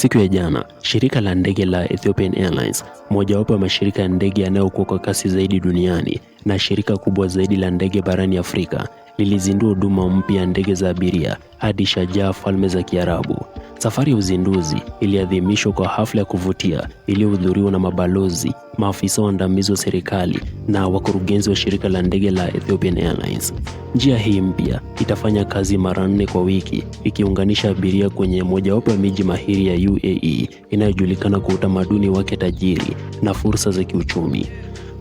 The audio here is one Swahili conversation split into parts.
Siku ya jana, shirika la ndege la Ethiopian Airlines, mojawapo ya mashirika ya ndege yanayokuwa kwa kasi zaidi duniani na shirika kubwa zaidi la ndege barani Afrika, lilizindua huduma mpya ya ndege za abiria hadi Sharjah, Falme za Kiarabu. Safari ya uzinduzi iliadhimishwa kwa hafla ya kuvutia iliyohudhuriwa na mabalozi, maafisa waandamizi wa serikali na wakurugenzi wa shirika la ndege la Ethiopian Airlines. Njia hii mpya itafanya kazi mara nne kwa wiki, ikiunganisha abiria kwenye mojawapo ya miji mahiri ya UAE inayojulikana kwa utamaduni wake tajiri na fursa za kiuchumi.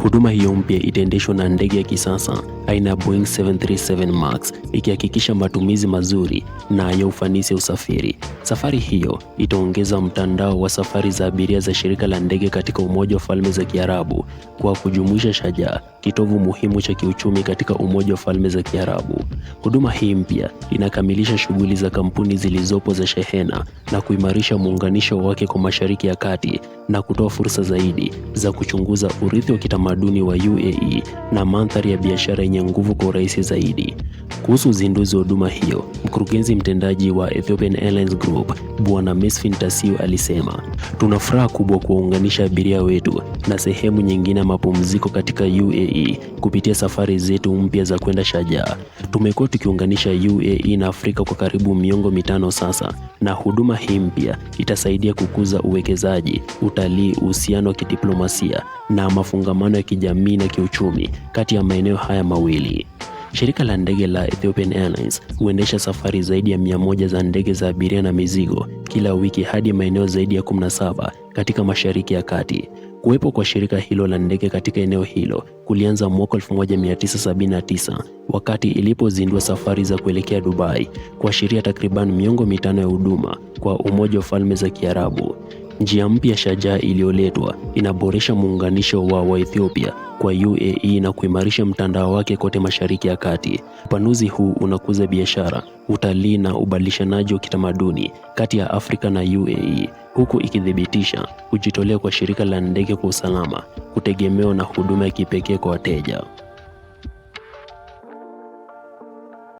Huduma hiyo mpya itaendeshwa na ndege ya kisasa aina ya Boeing 737 Max ikihakikisha matumizi mazuri na ya ufanisi usafiri. Safari hiyo itaongeza mtandao wa safari za abiria za shirika la ndege katika Umoja wa Falme za Kiarabu kwa kujumuisha Sharjah, kitovu muhimu cha kiuchumi katika Umoja wa Falme za Kiarabu. Huduma hii mpya inakamilisha shughuli za kampuni zilizopo za shehena na kuimarisha muunganisho wake kwa Mashariki ya Kati na kutoa fursa zaidi za kuchunguza urithi wa kitamaduni wa UAE na mandhari ya biashara yenye nguvu kwa urahisi zaidi. Kuhusu uzinduzi wa huduma hiyo, mkurugenzi mtendaji wa Ethiopian Airlines Group Bwana Mesfin Tasiu alisema, tuna furaha kubwa kuwaunganisha abiria wetu na sehemu nyingine ya mapumziko katika UAE kupitia safari zetu mpya za kwenda Sharjah. Tume Tumekuwa tukiunganisha UAE na Afrika kwa karibu miongo mitano sasa, na huduma hii mpya itasaidia kukuza uwekezaji, utalii, uhusiano wa kidiplomasia na mafungamano ya kijamii na kiuchumi kati ya maeneo haya mawili. Shirika la ndege la Ethiopian Airlines huendesha safari zaidi ya moja za ndege za abiria na mizigo kila wiki hadi maeneo zaidi ya 17 katika Mashariki ya Kati. Kuwepo kwa shirika hilo la ndege katika eneo hilo kulianza mwaka 1979 wakati ilipozindua safari za kuelekea Dubai, kuashiria takriban miongo mitano ya huduma kwa Umoja wa Falme za Kiarabu. Njia mpya shajaa iliyoletwa inaboresha muunganisho wa Waethiopia kwa UAE na kuimarisha mtandao wake kote Mashariki ya Kati. Upanuzi huu unakuza biashara, utalii na ubadilishanaji wa kitamaduni kati ya Afrika na UAE, huku ikithibitisha kujitolea kwa shirika la ndege kwa usalama, kutegemewa na huduma ya kipekee kwa wateja.